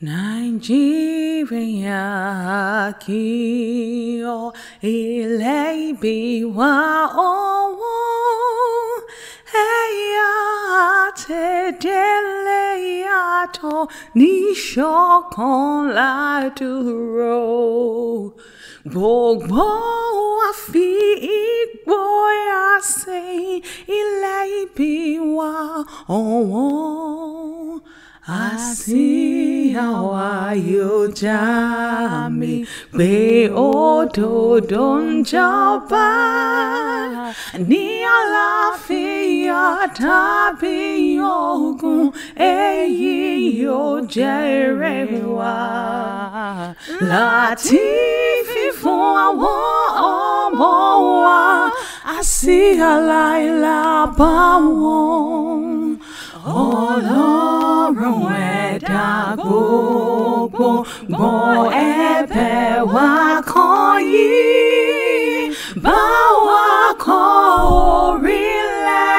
Nigeria kí o ilẹ̀ ìbí wa ọ̀wọ́ ẹ̀yà àtẹ̀dẹ́lẹ̀ yàtọ̀ níṣọ̀kan ládùúró gbogbo wa fi ìgboyà sẹ́yìn ilẹ̀ ìbí wa ọ̀wọ́ àsí àwọn àyòjá mi pé òdòdó ń jọba ní àlàáfíà tapi ogun èyí jerewa jẹ́ èrè wa láti fífún àwọn ọmọ wa àsí àlàyé làbá wọn ọlọ́run bo bo bo, wa ko yi ba wa ko wako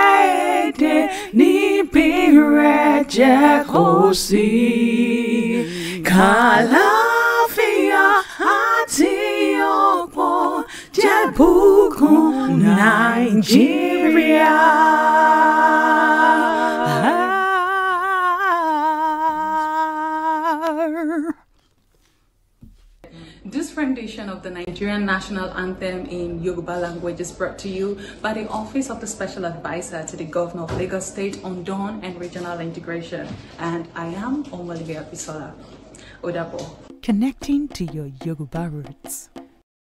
de ni pire je kosi kalafia ati opo je bukun Nigeria. This rendition of the Nigerian national anthem in Yoruba language is brought to you by the Office of the Special Advisor to the Governor of Lagos State on Dawn and Regional Integration. And I am Omalige Abisola. Odabo. Connecting to your Yoruba roots.